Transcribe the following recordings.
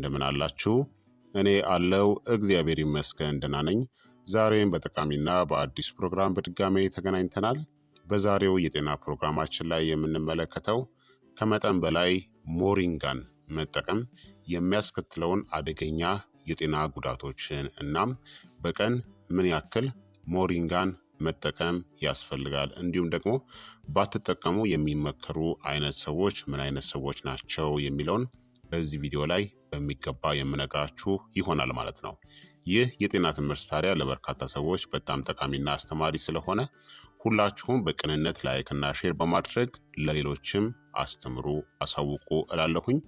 እንደምን አላችሁ? እኔ አለው እግዚአብሔር ይመስገን ደህና ነኝ። ዛሬም በጠቃሚና በአዲስ ፕሮግራም በድጋሜ ተገናኝተናል። በዛሬው የጤና ፕሮግራማችን ላይ የምንመለከተው ከመጠን በላይ ሞሪንጋን መጠቀም የሚያስከትለውን አደገኛ የጤና ጉዳቶችን እናም በቀን ምን ያክል ሞሪንጋን መጠቀም ያስፈልጋል፣ እንዲሁም ደግሞ ባትጠቀሙ የሚመከሩ አይነት ሰዎች ምን አይነት ሰዎች ናቸው የሚለውን በዚህ ቪዲዮ ላይ በሚገባ የምነግራችሁ ይሆናል ማለት ነው። ይህ የጤና ትምህርት ታዲያ ለበርካታ ሰዎች በጣም ጠቃሚና አስተማሪ ስለሆነ ሁላችሁም በቅንነት ላይክና ሼር በማድረግ ለሌሎችም አስተምሩ፣ አሳውቁ እላለሁኝ።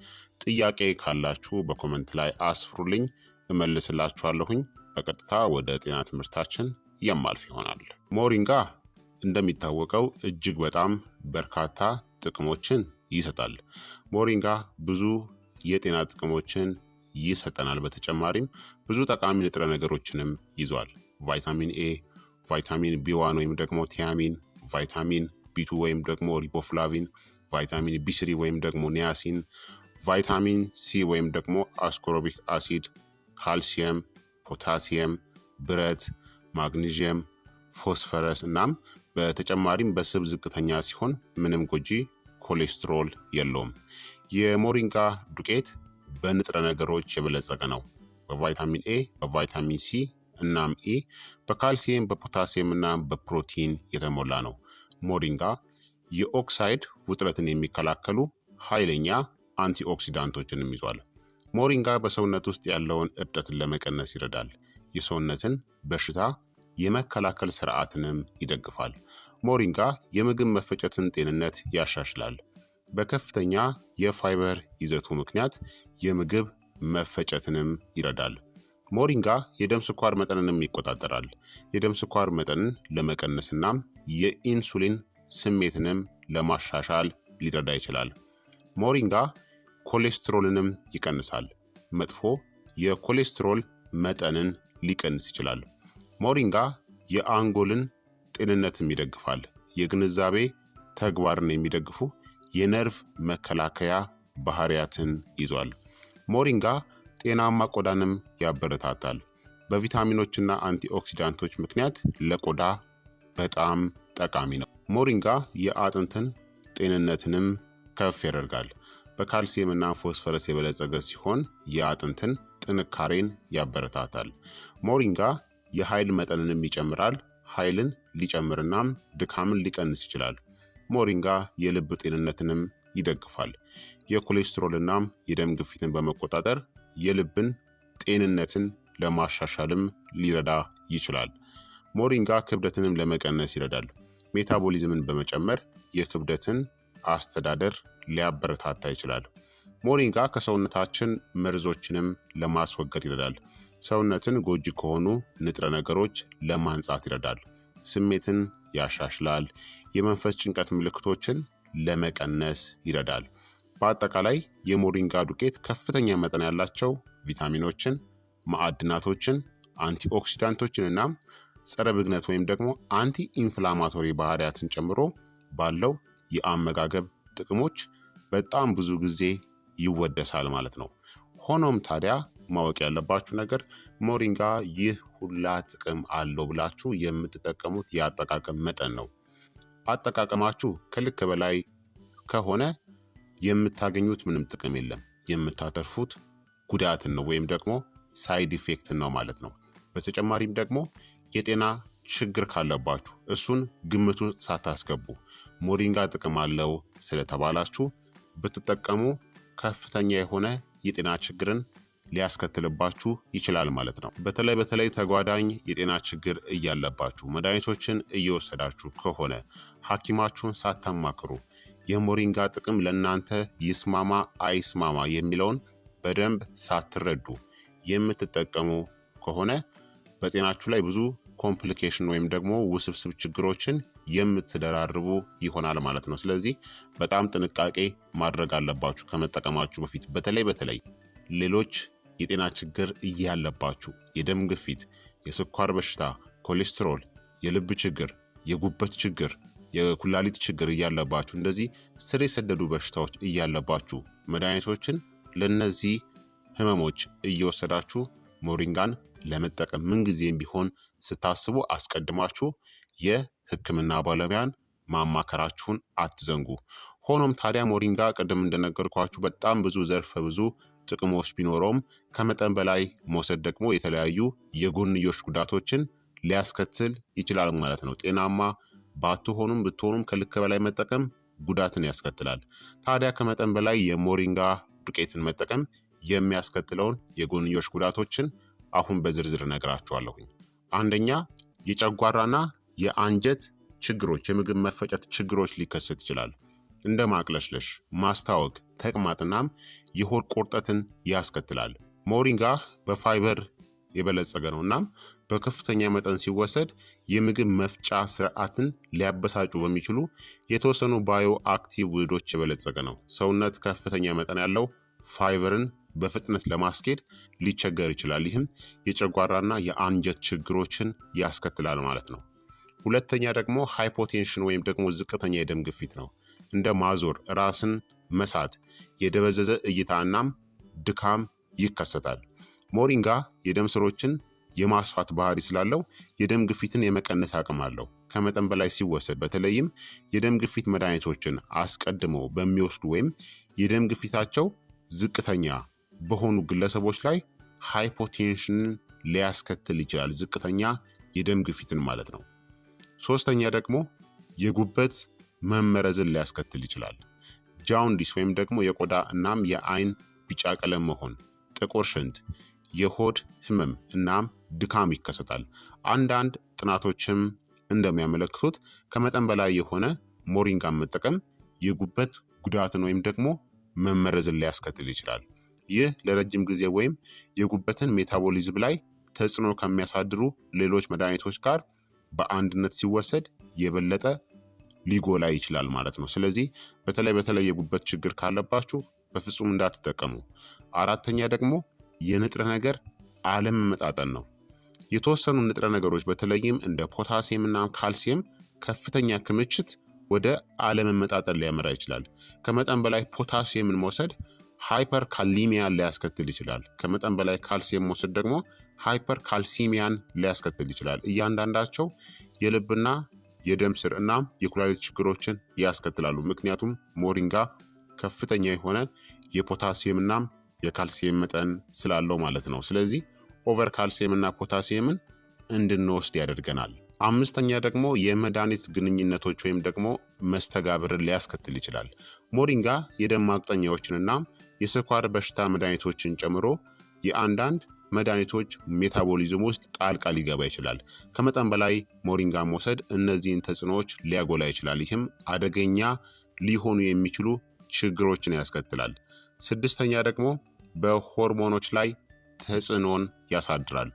ጥያቄ ካላችሁ በኮመንት ላይ አስፍሩልኝ፣ እመልስላችኋለሁኝ። በቀጥታ ወደ ጤና ትምህርታችን የማልፍ ይሆናል። ሞሪንጋ እንደሚታወቀው እጅግ በጣም በርካታ ጥቅሞችን ይሰጣል። ሞሪንጋ ብዙ የጤና ጥቅሞችን ይሰጠናል። በተጨማሪም ብዙ ጠቃሚ ንጥረ ነገሮችንም ይዟል። ቫይታሚን ኤ፣ ቫይታሚን ቢዋን ወይም ደግሞ ቲያሚን፣ ቫይታሚን ቢቱ ወይም ደግሞ ሪቦፍላቪን፣ ቫይታሚን ቢስሪ ወይም ደግሞ ኒያሲን፣ ቫይታሚን ሲ ወይም ደግሞ አስኮሮቢክ አሲድ፣ ካልሲየም፣ ፖታሲየም፣ ብረት፣ ማግኒዥየም፣ ፎስፈረስ እናም በተጨማሪም በስብ ዝቅተኛ ሲሆን ምንም ጎጂ ኮሌስትሮል የለውም። የሞሪንጋ ዱቄት በንጥረ ነገሮች የበለጸገ ነው። በቫይታሚን ኤ፣ በቫይታሚን ሲ እናም ኢ፣ በካልሲየም፣ በፖታሲየም እና በፕሮቲን የተሞላ ነው። ሞሪንጋ የኦክሳይድ ውጥረትን የሚከላከሉ ኃይለኛ አንቲኦክሲዳንቶችንም ይዟል። ሞሪንጋ በሰውነት ውስጥ ያለውን እብጠትን ለመቀነስ ይረዳል። የሰውነትን በሽታ የመከላከል ስርዓትንም ይደግፋል። ሞሪንጋ የምግብ መፈጨትን ጤንነት ያሻሽላል። በከፍተኛ የፋይበር ይዘቱ ምክንያት የምግብ መፈጨትንም ይረዳል። ሞሪንጋ የደም ስኳር መጠንንም ይቆጣጠራል። የደም ስኳር መጠንን ለመቀነስናም የኢንሱሊን ስሜትንም ለማሻሻል ሊረዳ ይችላል። ሞሪንጋ ኮሌስትሮልንም ይቀንሳል። መጥፎ የኮሌስትሮል መጠንን ሊቀንስ ይችላል። ሞሪንጋ የአንጎልን ጤንነትም ይደግፋል። የግንዛቤ ተግባርን የሚደግፉ የነርቭ መከላከያ ባህሪያትን ይዟል። ሞሪንጋ ጤናማ ቆዳንም ያበረታታል። በቪታሚኖችና አንቲኦክሲዳንቶች ምክንያት ለቆዳ በጣም ጠቃሚ ነው። ሞሪንጋ የአጥንትን ጤንነትንም ከፍ ያደርጋል። በካልሲየምና ፎስፈረስ የበለጸገ ሲሆን የአጥንትን ጥንካሬን ያበረታታል። ሞሪንጋ የኃይል መጠንንም ይጨምራል። ኃይልን ሊጨምርናም ድካምን ሊቀንስ ይችላል። ሞሪንጋ የልብ ጤንነትንም ይደግፋል። የኮሌስትሮልናም የደም ግፊትን በመቆጣጠር የልብን ጤንነትን ለማሻሻልም ሊረዳ ይችላል። ሞሪንጋ ክብደትንም ለመቀነስ ይረዳል። ሜታቦሊዝምን በመጨመር የክብደትን አስተዳደር ሊያበረታታ ይችላል። ሞሪንጋ ከሰውነታችን መርዞችንም ለማስወገድ ይረዳል። ሰውነትን ጎጂ ከሆኑ ንጥረ ነገሮች ለማንጻት ይረዳል። ስሜትን ያሻሽላል። የመንፈስ ጭንቀት ምልክቶችን ለመቀነስ ይረዳል። በአጠቃላይ የሞሪንጋ ዱቄት ከፍተኛ መጠን ያላቸው ቪታሚኖችን፣ ማዕድናቶችን፣ አንቲኦክሲዳንቶችን እናም ጸረ ብግነት ወይም ደግሞ አንቲ ኢንፍላማቶሪ ባህሪያትን ጨምሮ ባለው የአመጋገብ ጥቅሞች በጣም ብዙ ጊዜ ይወደሳል ማለት ነው። ሆኖም ታዲያ ማወቅ ያለባችሁ ነገር ሞሪንጋ ይህ ሁላ ጥቅም አለው ብላችሁ የምትጠቀሙት የአጠቃቀም መጠን ነው። አጠቃቀማችሁ ከልክ በላይ ከሆነ የምታገኙት ምንም ጥቅም የለም። የምታተርፉት ጉዳትን ነው ወይም ደግሞ ሳይድ ኢፌክትን ነው ማለት ነው። በተጨማሪም ደግሞ የጤና ችግር ካለባችሁ እሱን ግምቱ ሳታስገቡ ሞሪንጋ ጥቅም አለው ስለተባላችሁ ብትጠቀሙ ከፍተኛ የሆነ የጤና ችግርን ሊያስከትልባችሁ ይችላል ማለት ነው። በተለይ በተለይ ተጓዳኝ የጤና ችግር እያለባችሁ መድኃኒቶችን እየወሰዳችሁ ከሆነ ሐኪማችሁን ሳታማክሩ የሞሪንጋ ጥቅም ለእናንተ ይስማማ አይስማማ የሚለውን በደንብ ሳትረዱ የምትጠቀሙ ከሆነ በጤናችሁ ላይ ብዙ ኮምፕሊኬሽን ወይም ደግሞ ውስብስብ ችግሮችን የምትደራርቡ ይሆናል ማለት ነው። ስለዚህ በጣም ጥንቃቄ ማድረግ አለባችሁ ከመጠቀማችሁ በፊት በተለይ በተለይ ሌሎች የጤና ችግር እያለባችሁ የደም ግፊት፣ የስኳር በሽታ፣ ኮሌስትሮል፣ የልብ ችግር፣ የጉበት ችግር፣ የኩላሊት ችግር እያለባችሁ እንደዚህ ስር የሰደዱ በሽታዎች እያለባችሁ መድኃኒቶችን ለእነዚህ ህመሞች እየወሰዳችሁ ሞሪንጋን ለመጠቀም ምንጊዜም ቢሆን ስታስቡ አስቀድማችሁ የህክምና ባለሙያን ማማከራችሁን አትዘንጉ። ሆኖም ታዲያ ሞሪንጋ ቅድም እንደነገርኳችሁ በጣም ብዙ ዘርፈ ብዙ ጥቅሞች ቢኖረውም ከመጠን በላይ መውሰድ ደግሞ የተለያዩ የጎንዮሽ ጉዳቶችን ሊያስከትል ይችላል ማለት ነው። ጤናማ ባትሆኑም ብትሆኑም ከልክ በላይ መጠቀም ጉዳትን ያስከትላል። ታዲያ ከመጠን በላይ የሞሪንጋ ዱቄትን መጠቀም የሚያስከትለውን የጎንዮሽ ጉዳቶችን አሁን በዝርዝር ነግራችኋለሁኝ። አንደኛ የጨጓራና የአንጀት ችግሮች፣ የምግብ መፈጨት ችግሮች ሊከሰት ይችላል። እንደ ማቅለሽለሽ፣ ማስታወክ፣ ተቅማጥናም የሆድ ቁርጠትን ያስከትላል። ሞሪንጋ በፋይበር የበለጸገ ነው እናም በከፍተኛ መጠን ሲወሰድ የምግብ መፍጫ ስርዓትን ሊያበሳጩ በሚችሉ የተወሰኑ ባዮ አክቲቭ ውህዶች የበለጸገ ነው። ሰውነት ከፍተኛ መጠን ያለው ፋይበርን በፍጥነት ለማስኬድ ሊቸገር ይችላል። ይህም የጨጓራና የአንጀት ችግሮችን ያስከትላል ማለት ነው። ሁለተኛ ደግሞ ሃይፖቴንሽን ወይም ደግሞ ዝቅተኛ የደም ግፊት ነው። እንደ ማዞር፣ ራስን መሳት፣ የደበዘዘ እይታ ድካም ይከሰታል። ሞሪንጋ የደም ስሮችን የማስፋት ባህሪ ስላለው የደም ግፊትን የመቀነስ አቅም አለው። ከመጠን በላይ ሲወሰድ በተለይም የደም ግፊት መድኃኒቶችን አስቀድሞ በሚወስዱ ወይም የደም ግፊታቸው ዝቅተኛ በሆኑ ግለሰቦች ላይ ሃይፖቴንሽንን ሊያስከትል ይችላል። ዝቅተኛ የደም ግፊትን ማለት ነው። ሶስተኛ ደግሞ የጉበት መመረዝን ሊያስከትል ይችላል። ጃውንዲስ ወይም ደግሞ የቆዳ እናም የአይን ቢጫ ቀለም መሆን፣ ጥቁር ሽንት፣ የሆድ ህመም እናም ድካም ይከሰታል። አንዳንድ ጥናቶችም እንደሚያመለክቱት ከመጠን በላይ የሆነ ሞሪንጋን መጠቀም የጉበት ጉዳትን ወይም ደግሞ መመረዝን ሊያስከትል ይችላል። ይህ ለረጅም ጊዜ ወይም የጉበትን ሜታቦሊዝም ላይ ተጽዕኖ ከሚያሳድሩ ሌሎች መድኃኒቶች ጋር በአንድነት ሲወሰድ የበለጠ ሊጎላ ይችላል ማለት ነው። ስለዚህ በተለይ በተለይ የጉበት ችግር ካለባችሁ በፍጹም እንዳትጠቀሙ። አራተኛ ደግሞ የንጥረ ነገር አለመመጣጠን ነው። የተወሰኑ ንጥረ ነገሮች በተለይም እንደ ፖታሲየም እና ካልሲየም ከፍተኛ ክምችት ወደ አለመመጣጠን ሊያመራ ይችላል። ከመጠን በላይ ፖታሲየምን መውሰድ ሃይፐር ካሊሚያን ሊያስከትል ይችላል። ከመጠን በላይ ካልሲየም መውሰድ ደግሞ ሃይፐር ካልሲሚያን ሊያስከትል ይችላል። እያንዳንዳቸው የልብና የደም ስር እና የኩላሊት ችግሮችን ያስከትላሉ። ምክንያቱም ሞሪንጋ ከፍተኛ የሆነ የፖታሲየም እናም የካልሲየም መጠን ስላለው ማለት ነው። ስለዚህ ኦቨር ካልሲየም እና ፖታሲየምን እንድንወስድ ያደርገናል። አምስተኛ ደግሞ የመድኃኒት ግንኙነቶች ወይም ደግሞ መስተጋብርን ሊያስከትል ይችላል። ሞሪንጋ የደም ማቅጠኛዎችንና የስኳር በሽታ መድኃኒቶችን ጨምሮ የአንዳንድ መድኃኒቶች ሜታቦሊዝም ውስጥ ጣልቃ ሊገባ ይችላል። ከመጠን በላይ ሞሪንጋ መውሰድ እነዚህን ተጽዕኖዎች ሊያጎላ ይችላል። ይህም አደገኛ ሊሆኑ የሚችሉ ችግሮችን ያስከትላል። ስድስተኛ ደግሞ በሆርሞኖች ላይ ተጽዕኖን ያሳድራል።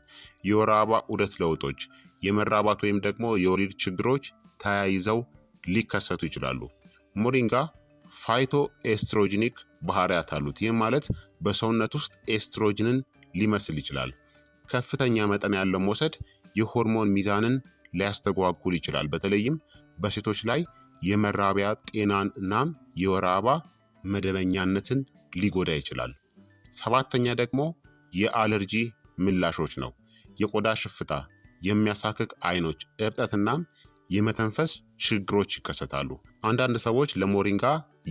የወር አበባ ዑደት ለውጦች፣ የመራባት ወይም ደግሞ የወሊድ ችግሮች ተያይዘው ሊከሰቱ ይችላሉ። ሞሪንጋ ፋይቶ ኤስትሮጂኒክ ባህሪያት አሉት። ይህም ማለት በሰውነት ውስጥ ኤስትሮጅንን ሊመስል ይችላል። ከፍተኛ መጠን ያለው መውሰድ የሆርሞን ሚዛንን ሊያስተጓጉል ይችላል። በተለይም በሴቶች ላይ የመራቢያ ጤናን እናም የወር አበባ መደበኛነትን ሊጎዳ ይችላል። ሰባተኛ ደግሞ የአለርጂ ምላሾች ነው። የቆዳ ሽፍታ፣ የሚያሳክክ አይኖች፣ እብጠት የመተንፈስ ችግሮች ይከሰታሉ። አንዳንድ ሰዎች ለሞሪንጋ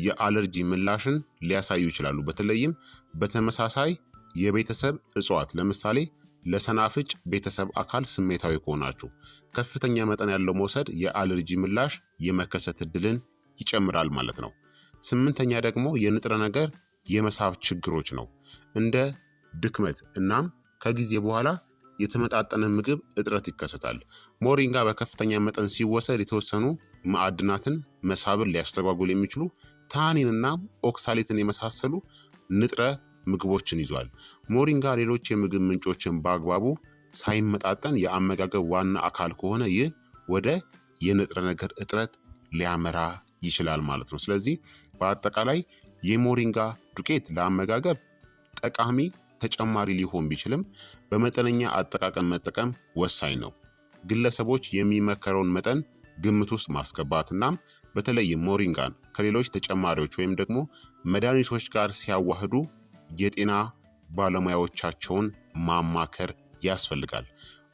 የአለርጂ ምላሽን ሊያሳዩ ይችላሉ። በተለይም በተመሳሳይ የቤተሰብ እጽዋት ለምሳሌ ለሰናፍጭ ቤተሰብ አካል ስሜታዊ ከሆናችሁ ከፍተኛ መጠን ያለው መውሰድ የአለርጂ ምላሽ የመከሰት እድልን ይጨምራል ማለት ነው። ስምንተኛ ደግሞ የንጥረ ነገር የመሳብ ችግሮች ነው። እንደ ድክመት እናም ከጊዜ በኋላ የተመጣጠነ ምግብ እጥረት ይከሰታል። ሞሪንጋ በከፍተኛ መጠን ሲወሰድ የተወሰኑ ማዕድናትን መሳብን ሊያስተጓጉል የሚችሉ ታኒንና ኦክሳሊትን የመሳሰሉ ንጥረ ምግቦችን ይዟል። ሞሪንጋ ሌሎች የምግብ ምንጮችን በአግባቡ ሳይመጣጠን የአመጋገብ ዋና አካል ከሆነ ይህ ወደ የንጥረ ነገር እጥረት ሊያመራ ይችላል ማለት ነው። ስለዚህ በአጠቃላይ የሞሪንጋ ዱቄት ለአመጋገብ ጠቃሚ ተጨማሪ ሊሆን ቢችልም በመጠነኛ አጠቃቀም መጠቀም ወሳኝ ነው። ግለሰቦች የሚመከረውን መጠን ግምት ውስጥ ማስገባት እናም በተለይ ሞሪንጋን ከሌሎች ተጨማሪዎች ወይም ደግሞ መድኃኒቶች ጋር ሲያዋህዱ የጤና ባለሙያዎቻቸውን ማማከር ያስፈልጋል።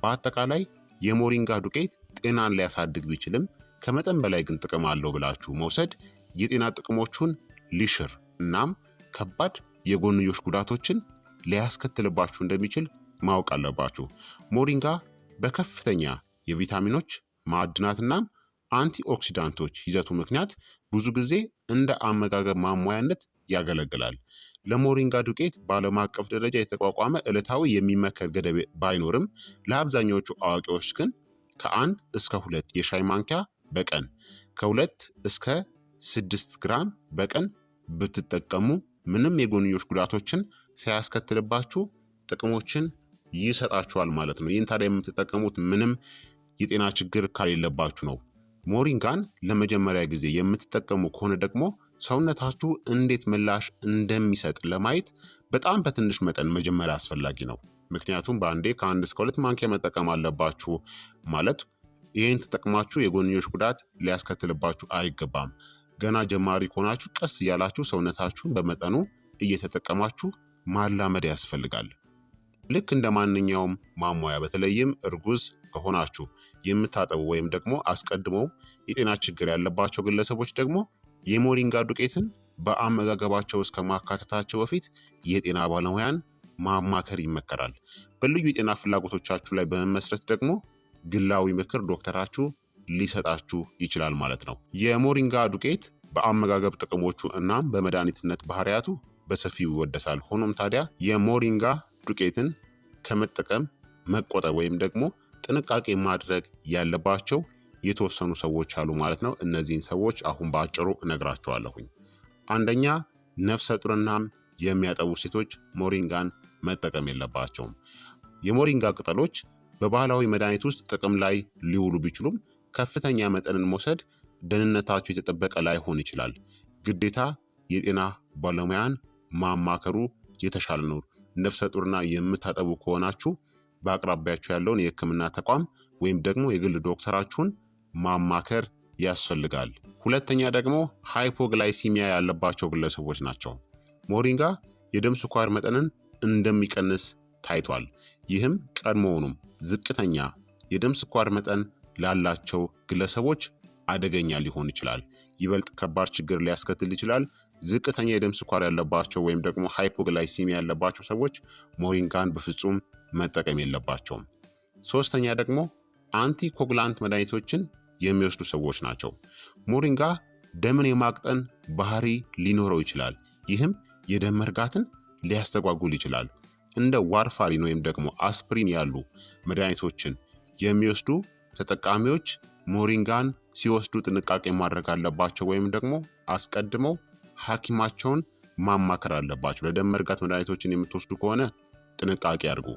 በአጠቃላይ የሞሪንጋ ዱቄት ጤናን ሊያሳድግ ቢችልም ከመጠን በላይ ግን ጥቅም አለው ብላችሁ መውሰድ የጤና ጥቅሞቹን ሊሽር እናም ከባድ የጎንዮሽ ጉዳቶችን ሊያስከትልባችሁ እንደሚችል ማወቅ አለባችሁ። ሞሪንጋ በከፍተኛ የቪታሚኖች ማዕድናትና አንቲኦክሲዳንቶች ይዘቱ ምክንያት ብዙ ጊዜ እንደ አመጋገብ ማሟያነት ያገለግላል። ለሞሪንጋ ዱቄት በዓለም አቀፍ ደረጃ የተቋቋመ ዕለታዊ የሚመከር ገደብ ባይኖርም ለአብዛኛዎቹ አዋቂዎች ግን ከአንድ እስከ ሁለት የሻይ ማንኪያ በቀን ከሁለት እስከ ስድስት ግራም በቀን ብትጠቀሙ ምንም የጎንዮሽ ጉዳቶችን ሳያስከትልባችሁ ጥቅሞችን ይሰጣችኋል ማለት ነው። ይህን ታዲያ የምትጠቀሙት ምንም የጤና ችግር ካሌለባችሁ ነው። ሞሪንጋን ለመጀመሪያ ጊዜ የምትጠቀሙ ከሆነ ደግሞ ሰውነታችሁ እንዴት ምላሽ እንደሚሰጥ ለማየት በጣም በትንሽ መጠን መጀመሪያ አስፈላጊ ነው። ምክንያቱም በአንዴ ከአንድ እስከ ሁለት ማንኪያ መጠቀም አለባችሁ ማለት ይህን ተጠቅማችሁ የጎንዮሽ ጉዳት ሊያስከትልባችሁ አይገባም። ገና ጀማሪ ከሆናችሁ ቀስ እያላችሁ ሰውነታችሁን በመጠኑ እየተጠቀማችሁ ማላመድ ያስፈልጋል። ልክ እንደ ማንኛውም ማሟያ በተለይም እርጉዝ ከሆናችሁ የምታጠቡ ወይም ደግሞ አስቀድሞው የጤና ችግር ያለባቸው ግለሰቦች ደግሞ የሞሪንጋ ዱቄትን በአመጋገባቸው እስከ ማካተታቸው በፊት የጤና ባለሙያን ማማከር ይመከራል። በልዩ የጤና ፍላጎቶቻችሁ ላይ በመመስረት ደግሞ ግላዊ ምክር ዶክተራችሁ ሊሰጣችሁ ይችላል ማለት ነው። የሞሪንጋ ዱቄት በአመጋገብ ጥቅሞቹ እናም በመድኃኒትነት ባህሪያቱ በሰፊው ይወደሳል። ሆኖም ታዲያ የሞሪንጋ ዱቄትን ከመጠቀም መቆጠብ ወይም ደግሞ ጥንቃቄ ማድረግ ያለባቸው የተወሰኑ ሰዎች አሉ ማለት ነው። እነዚህን ሰዎች አሁን በአጭሩ እነግራቸዋለሁኝ። አንደኛ ነፍሰ ጡርናም የሚያጠቡ ሴቶች ሞሪንጋን መጠቀም የለባቸውም። የሞሪንጋ ቅጠሎች በባህላዊ መድኃኒት ውስጥ ጥቅም ላይ ሊውሉ ቢችሉም ከፍተኛ መጠንን መውሰድ ደህንነታቸው የተጠበቀ ላይሆን ይችላል። ግዴታ የጤና ባለሙያን ማማከሩ የተሻለ ነው። ነፍሰ ጡርና የምታጠቡ ከሆናችሁ በአቅራቢያችሁ ያለውን የሕክምና ተቋም ወይም ደግሞ የግል ዶክተራችሁን ማማከር ያስፈልጋል። ሁለተኛ ደግሞ ሃይፖግላይሲሚያ ያለባቸው ግለሰቦች ናቸው። ሞሪንጋ የደም ስኳር መጠንን እንደሚቀንስ ታይቷል። ይህም ቀድሞውኑም ዝቅተኛ የደም ስኳር መጠን ላላቸው ግለሰቦች አደገኛ ሊሆን ይችላል። ይበልጥ ከባድ ችግር ሊያስከትል ይችላል። ዝቅተኛ የደም ስኳር ያለባቸው ወይም ደግሞ ሃይፖግላይሲሚያ ያለባቸው ሰዎች ሞሪንጋን በፍጹም መጠቀም የለባቸውም። ሶስተኛ ደግሞ አንቲኮግላንት መድኃኒቶችን የሚወስዱ ሰዎች ናቸው። ሞሪንጋ ደምን የማቅጠን ባህሪ ሊኖረው ይችላል። ይህም የደም መርጋትን ሊያስተጓጉል ይችላል። እንደ ዋርፋሪን ወይም ደግሞ አስፕሪን ያሉ መድኃኒቶችን የሚወስዱ ተጠቃሚዎች ሞሪንጋን ሲወስዱ ጥንቃቄ ማድረግ አለባቸው ወይም ደግሞ አስቀድመው ሐኪማቸውን ማማከር አለባቸው። ለደም መርጋት መድኃኒቶችን የምትወስዱ ከሆነ ጥንቃቄ አድርጉ።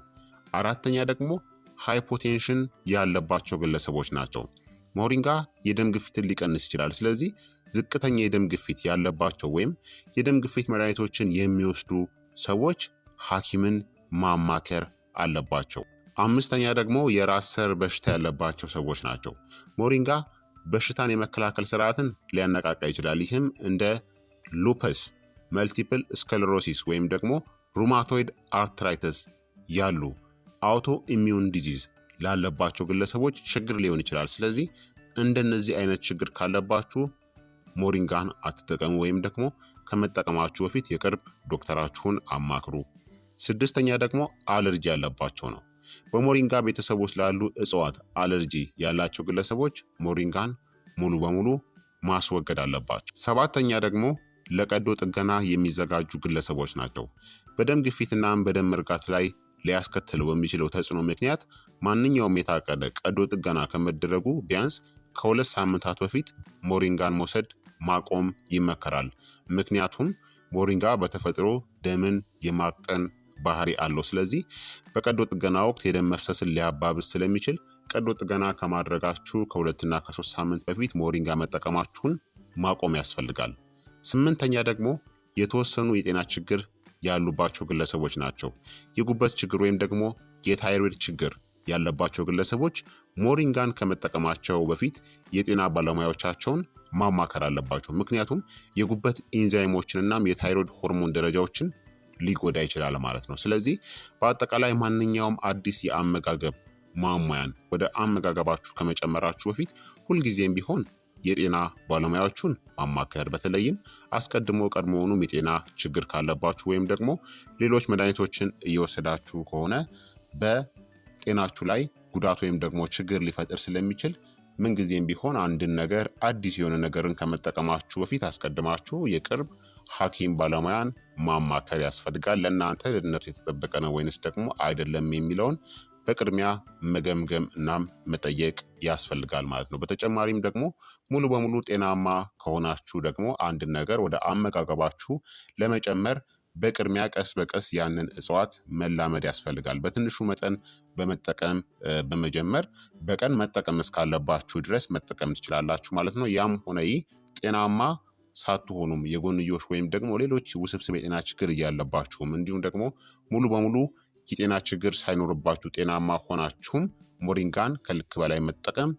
አራተኛ ደግሞ ሃይፖቴንሽን ያለባቸው ግለሰቦች ናቸው። ሞሪንጋ የደም ግፊትን ሊቀንስ ይችላል። ስለዚህ ዝቅተኛ የደም ግፊት ያለባቸው ወይም የደም ግፊት መድኃኒቶችን የሚወስዱ ሰዎች ሐኪምን ማማከር አለባቸው። አምስተኛ ደግሞ የራስ ሰር በሽታ ያለባቸው ሰዎች ናቸው። ሞሪንጋ በሽታን የመከላከል ስርዓትን ሊያነቃቃ ይችላል። ይህም እንደ ሉፐስ፣ መልቲፕል ስክለሮሲስ ወይም ደግሞ ሩማቶይድ አርትራይተስ ያሉ አውቶ ኢሚዩን ዲዚዝ ላለባቸው ግለሰቦች ችግር ሊሆን ይችላል። ስለዚህ እንደነዚህ አይነት ችግር ካለባችሁ ሞሪንጋን አትጠቀሙ ወይም ደግሞ ከመጠቀማችሁ በፊት የቅርብ ዶክተራችሁን አማክሩ። ስድስተኛ ደግሞ አለርጂ ያለባቸው ነው። በሞሪንጋ ቤተሰቦች ላሉ እጽዋት አለርጂ ያላቸው ግለሰቦች ሞሪንጋን ሙሉ በሙሉ ማስወገድ አለባቸው። ሰባተኛ ደግሞ ለቀዶ ጥገና የሚዘጋጁ ግለሰቦች ናቸው። በደም ግፊትና በደም መርጋት ላይ ሊያስከትለው በሚችለው ተጽዕኖ ምክንያት ማንኛውም የታቀደ ቀዶ ጥገና ከመደረጉ ቢያንስ ከሁለት ሳምንታት በፊት ሞሪንጋን መውሰድ ማቆም ይመከራል። ምክንያቱም ሞሪንጋ በተፈጥሮ ደምን የማቅጠን ባህሪ አለው። ስለዚህ በቀዶ ጥገና ወቅት የደም መፍሰስን ሊያባብስ ስለሚችል ቀዶ ጥገና ከማድረጋችሁ ከሁለትና ከሶስት ሳምንት በፊት ሞሪንጋ መጠቀማችሁን ማቆም ያስፈልጋል። ስምንተኛ ደግሞ የተወሰኑ የጤና ችግር ያሉባቸው ግለሰቦች ናቸው። የጉበት ችግር ወይም ደግሞ የታይሮይድ ችግር ያለባቸው ግለሰቦች ሞሪንጋን ከመጠቀማቸው በፊት የጤና ባለሙያዎቻቸውን ማማከር አለባቸው። ምክንያቱም የጉበት ኢንዛይሞችን እናም የታይሮይድ ሆርሞን ደረጃዎችን ሊጎዳ ይችላል ማለት ነው። ስለዚህ በአጠቃላይ ማንኛውም አዲስ የአመጋገብ ማሟያን ወደ አመጋገባችሁ ከመጨመራችሁ በፊት ሁልጊዜም ቢሆን የጤና ባለሙያዎቹን ማማከር በተለይም አስቀድሞ ቀድሞውኑም የጤና ችግር ካለባችሁ ወይም ደግሞ ሌሎች መድኃኒቶችን እየወሰዳችሁ ከሆነ በጤናችሁ ላይ ጉዳት ወይም ደግሞ ችግር ሊፈጥር ስለሚችል ምንጊዜም ቢሆን አንድን ነገር አዲስ የሆነ ነገርን ከመጠቀማችሁ በፊት አስቀድማችሁ የቅርብ ሐኪም ባለሙያን ማማከር ያስፈልጋል። ለእናንተ ደህንነቱ የተጠበቀ ነው ወይንስ ደግሞ አይደለም የሚለውን በቅድሚያ መገምገም እናም መጠየቅ ያስፈልጋል ማለት ነው። በተጨማሪም ደግሞ ሙሉ በሙሉ ጤናማ ከሆናችሁ ደግሞ አንድን ነገር ወደ አመጋገባችሁ ለመጨመር በቅድሚያ ቀስ በቀስ ያንን እጽዋት መላመድ ያስፈልጋል። በትንሹ መጠን በመጠቀም በመጀመር በቀን መጠቀም እስካለባችሁ ድረስ መጠቀም ትችላላችሁ ማለት ነው። ያም ሆነ ይህ ጤናማ ሳትሆኑም የጎንዮሽ ወይም ደግሞ ሌሎች ውስብስብ የጤና ችግር እያለባችሁም እንዲሁም ደግሞ ሙሉ በሙሉ የጤና ችግር ሳይኖርባችሁ ጤናማ ሆናችሁም ሞሪንጋን ከልክ በላይ መጠቀም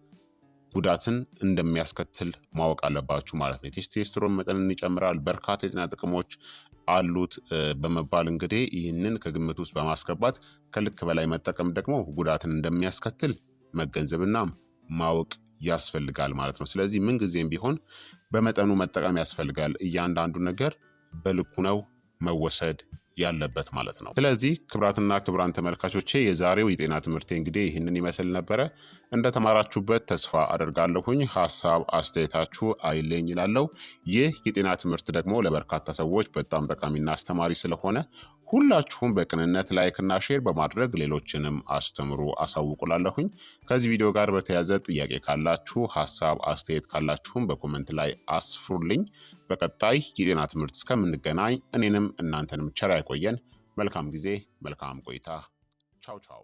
ጉዳትን እንደሚያስከትል ማወቅ አለባችሁ ማለት ነው። የቴስቴስትሮን መጠንን ይጨምራል፣ በርካታ የጤና ጥቅሞች አሉት በመባል እንግዲህ ይህንን ከግምት ውስጥ በማስገባት ከልክ በላይ መጠቀም ደግሞ ጉዳትን እንደሚያስከትል መገንዘብና ማወቅ ያስፈልጋል ማለት ነው። ስለዚህ ምንጊዜም ቢሆን በመጠኑ መጠቀም ያስፈልጋል። እያንዳንዱ ነገር በልኩ ነው መወሰድ ያለበት ማለት ነው። ስለዚህ ክብራትና ክብራን ተመልካቾቼ የዛሬው የጤና ትምህርቴ እንግዲህ ይህንን ይመስል ነበረ። እንደተማራችሁበት ተስፋ አደርጋለሁኝ። ሀሳብ አስተያየታችሁ አይለኝ ይላለው። ይህ የጤና ትምህርት ደግሞ ለበርካታ ሰዎች በጣም ጠቃሚና አስተማሪ ስለሆነ ሁላችሁም በቅንነት ላይክና ሼር በማድረግ ሌሎችንም አስተምሩ አሳውቁላለሁኝ። ከዚህ ቪዲዮ ጋር በተያያዘ ጥያቄ ካላችሁ ሀሳብ አስተያየት ካላችሁም በኮመንት ላይ አስፍሩልኝ። በቀጣይ የጤና ትምህርት እስከምንገናኝ እኔንም እናንተንም ቸር አይቆየን መልካም ጊዜ፣ መልካም ቆይታ። ቻው ቻው